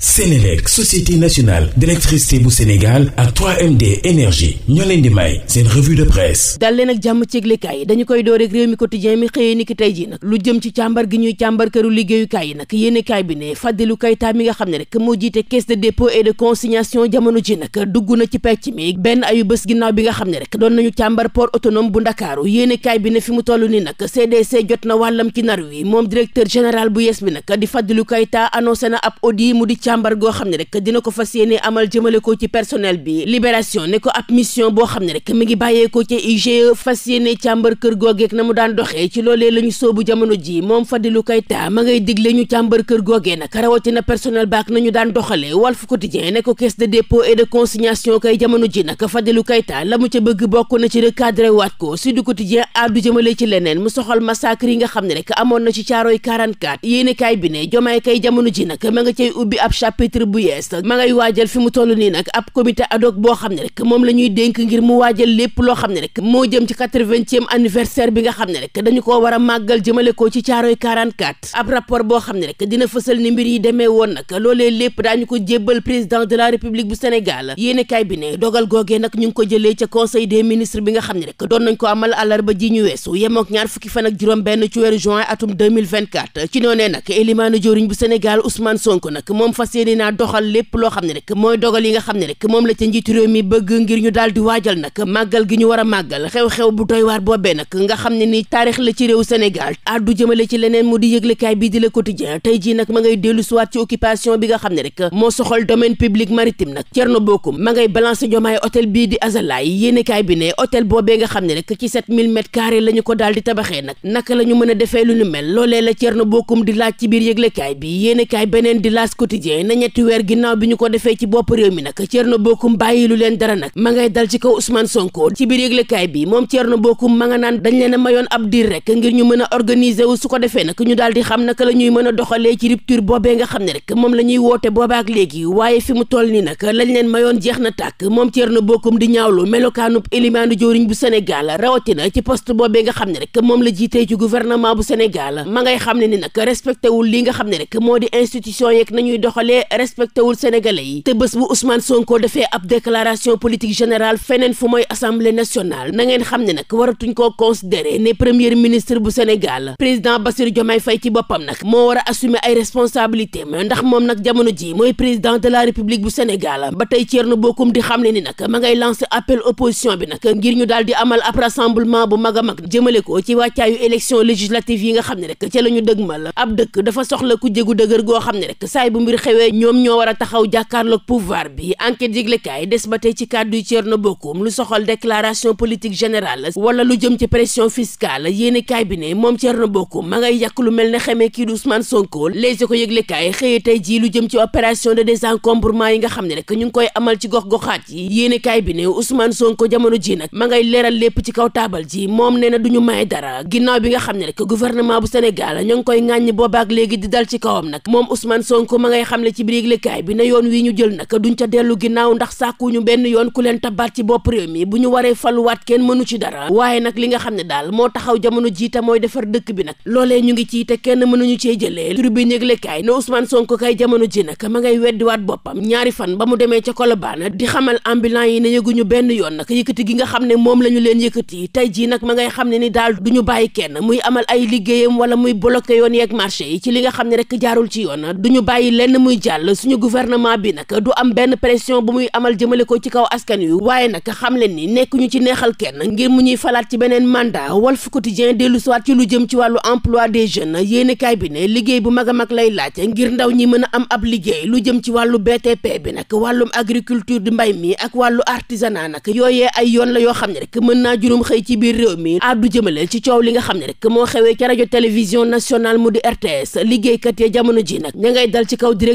Sénélec société nationale d'électricité bu Sénégal ak 3MD énergie ñoo leen di may seen revue de presse dal ak jàmm ci yi dañu koy door ak réew mi quotidien mi xëyee ni ji nag lu jëm ci càmbar gi ñuy càmbar këru liggéeyukaay yi nag yennekaay bi ne Fadilou Keita mi nga xam ne rek moo jiite caisse de dépôt et de consignation jamono ji nag dugg na ci pecc mii benn ayu bés ginnaaw bi nga xam ne rek doon nañu càmbar port autonome bu Ndakaaru yéenekaay bi ne fi mu toll ni nag CDC jot na wàllam ci nar wi moom directeur général bu yes bi nag càmbar goo xam ne rek dina ko fas yéene amal jëmale ko ci personnel bi libération ne ko ab boo xam ne rek mi ngi bàyyeekoo ci IGE fas yéene càmbar kër googeek na mu daan doxee ci loolee la ñu soobu jamono ji moom Fadilou Keita ma ngay ne ko caisse de dépôt et de consignation kay jamono ji nag Fadilou Keita la mu ca bëgg bokk na ci recadré waat ko Sud Quotidien addu jëmale ci leneen mu soxal massacre yi nga xam ne rek amoon na ci caaroy chapitre bu yees ma ngay waajal fi mu toll nii nag ab comité ad boo xam ne rek moom la ñuy dénk ngir mu waajal lépp loo xam ne rek moo jëm ci quatre-vingtième anniversaire bi nga xam ne rek dañu ko war a màggal jëmale ko ci caaroy 44 ab rapport boo xam ne rek dina fësal ni mbir yi demee woon nag loolee lépp daa ñu ko jébbal président de la république bu Sénégal yéenekaay bi ne dogal googee nag ñu ngi ko jëlee ca conseil des ministres bi nga xam ne rek doon nañ ko amal àllarba ji ñu weesu yemook ñaar fukki fan ak juróom benn ci weeru juin atum 2024 ci noonee nag élimaanu jëwriñ bu Sénégal Ousmane Sonko nag moom fas fas yéene naa doxal lépp loo xam ne rek mooy dogal yi nga xam ne rek moom la ca njiitu réew mi bëgg ngir ñu daal di waajal nag màggal gi ñu war a màggal xew-xew bu doy waar nag nga xam ne ni taarix la ci réew Sénégal addu jëmale ci leneen mu di yëglekaay bii di la Quotidien tey jii nag ma ngay dellu siwaat ci occupation bi nga xam ne rek moo soxal domaine public maritime nag Thierno Bocoum ma ngay balancé jomaay hôtel bii di Azalaï yéenekaay bi ne hôtel boobee nga xam ne rek ci la ñu ko daal di tabaxee nag naka la ñu mën la Thierno Bocoum di laaj ci biir yëglekaay bi yéenekaay beneen di na ñetti weer ginnaaw bi ñu ko defee ci bopp réew mi nag Thierno Bocoum bàyyi lu leen dara nag ma ngay dal ci kaw Ousmane Sonko ci biir yëglekaay bi moom Thierno Bocoum ma a mayoon ab diir rek ngir ñu mën a organiser wu su ko defee nag ñu daal di xam naka la ñuy mën a doxalee ci rupture boobee nga xam ne rek moom la ñuy woote boobaak léegi waaye fi mu toll nii nag lañ leen mayoon jeex na tàkk moom ci poste boobee nga xam ne rek moom la jiitee bu Sénégal ma ngay xam ni nag respecté li nga xam ne rek moo di institution yeeg nañuy doxale loolee respecté wul sénégalais yi te bés bu Ousmane Sonko defee ab déclaration politique général feneen fu mooy assemblée nationale na ngeen xam ne nag waratuñ koo considéré ne premier ministre bu Sénégal président Bassirou Diomaye fay ci boppam nag moo war a assumer ay responsabilité responsabilités ndax moom nag jamono ji mooy président de la république bu Sénégal ba tey Thierno Bocoum di xam ne ni nag ma ngay lancé appel opposition bi nag ngir ñu daal di amal ab rassemblement bu mag a mag jëmale ko ci wàccaayu élection législative yi nga xam ne rek ca la ñu dëgmal ab dëkk dafa soxla ku jégu dëgër goo xam ne rek taxawee ñoom ñoo war a taxaw jàkkaarloog pouvoir bi enquête yëglekaay des ba tey ci kàddu Thierno Bocoum lu soxal déclaration politique général wala lu jëm ci pression fiscale yéene kaay bi ne moom Thierno Bocoum ma ngay yàq lu mel ne xamee kii di Ousmane Sonko léegi ko yëglekaay xëye tey jii lu jëm ci opération de désencombrement yi nga xam ne rek ñu ngi koy amal ci gox-goxaat yi yéeni kaay bi ne Ousmane Sonko jamono jii nag ma ngay leeral lépp ci kaw taabal ji moom nee na duñu may dara ginnaaw bi nga xam ne rek gouvernement bu Sénégal ñoo ngi koy ŋàññi boobaak léegi di dal ci kawam nag xamle ci biir yëglekaay bi ne yoon wi ñu jël nag duñ ca dellu ginnaaw ndax sàkkuñu benn yoon ku leen tabaat ci bopp réew mi bu ñu waree faluwaat kenn mënu ci dara waaye nag li nga xam ne daal moo taxaw jamono jiite mooy defar dëkk bi nag loolee ñu ngi ci te kenn mënuñu cee jëlee tribune yëglekaay ne Ousmane Sonko kay jamono ji nag ma ngay weddiwaat boppam ñaari fan ba mu demee ca Colobane di xamal ambulant yi ne yëguñu benn yoon nag yëkkati gi nga xam ne moom la ñu leen yëkkati tey jii nag ma ngay xam ne ni daal duñu bàyyi kenn muy amal ay liggéeyam wala muy bloqué yoon yeeg marché yi ci li nga xam ne rek jaarul ci yoon muy jàll suñu gouvernement bi nag du am benn pression bu muy amal jëmale ko ci kaw askan yu waaye nag xam leen ni nekk ñu ci neexal kenn ngir mu ñuy falaat ci beneen mandat Walf Quotidien dellu siwaat ci lu jëm ci wàllu emploi des jeunes yéenekaay bi ne liggéey bu mag a mag lay laaj ngir ndaw ñi mën a am ab liggéey lu jëm ci wàllu BTP bi nag wàllum agriculture di mbay mi ak wàllu artisanat nag yooyee ay yoon la yoo xam ne rek mën naa juróom xëy ci biir réew mi addu jëmaleel ci coow li nga xam ne rek moo xewee ca rajo télévision nationale mu di RTS liggéeykat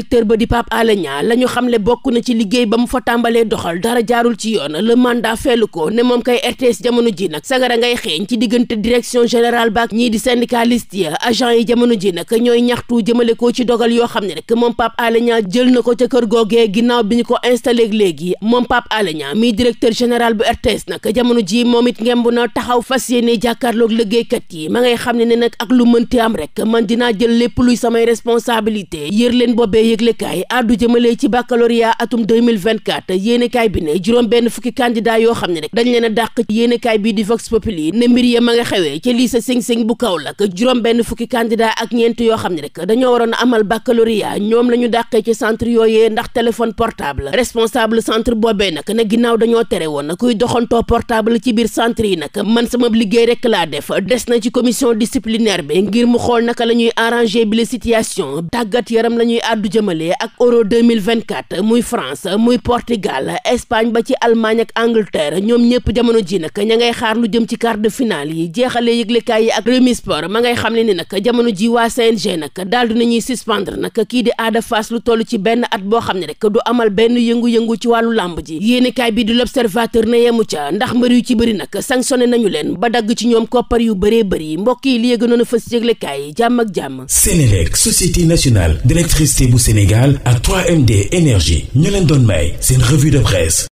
directeur ba di Pape Alé Niang la ñu xam ne bokk na ci liggéey ba mu fa tàmbalee doxal dara jaarul ci yoon le mandat fellu ko ne moom kay RTS jamono ji nag sagara ngay xeeñ ci diggante direction générale ba ak ñii di syndicaliste ya agent yi jamono ji nag ñooy ñaxtu jëmale ko ci dogal yoo xam ne rek moom Pape Alé Niang jël na ko ca kër googee ginnaaw bi ñu ko installé léegi moom Pape Alé Niang mi directeur général bu RTS nag jamono ji moom it ngemb na taxaw fas yéene jàkkaarloog liggéeykat yi ma ngay xam ne ne nag ak lu mënti am rek man dinaa jël lépp luy samay responsabilité yër leen boobee yëglekaay àddu jëmale ci baccalauréat atum 2024 yéenekaay bi ne juróom benn fukki candidat yoo xam ne rek dañ leen a dàq ci yéenekaay bii di Vox Populi ne mbir ya ma nga xewee ci lycée Sing-Sing bu Kaolack juróom benn fukki candidat ak ñeent yoo xam ne rek dañoo waroon a amal baccalauréat ñoom la ñu dàqee ci centre yooyee ndax téléphone portable responsable centre boobee nag ne ginnaaw dañoo tere woon kuy doxantoo portable ci biir centre yi nag man sama liggéey rek laa def des na ci commission disciplinaire bi ngir mu xool naka la ñuy arranger bi la situation tàggat yaram la àddu jëm jëmale ak euro 2024 muy France muy Portugal Espagne ba ci Allemagne ak Angleterre ñoom ñëpp jamono ji nag ña ngay xaar lu jëm ci quart de finale yi jeexalee yëglekaay yi ak Rewmi Sport ma ngay xam ne ni nag jamono ji waa CNG nag daal di nañuy suspendre nag kii di Ada Fass lu toll ci benn at boo xam ne rek du amal benn yëngu-yëngu ci wàllu làmb ji yéenekaay bi di L'Observateur ne yemu ca ndax mbër yu ci bëri nag sanctionné nañu leen ba dagg ci ñoom koppar yu bëree bëri mbokk yi li yëgënoon a fës yëglekaay yi jàmm ak jàmm Sénélec société nationale d'électricité bu Sénégal ak 3MD énergie ñu leen doon may seen revue de presse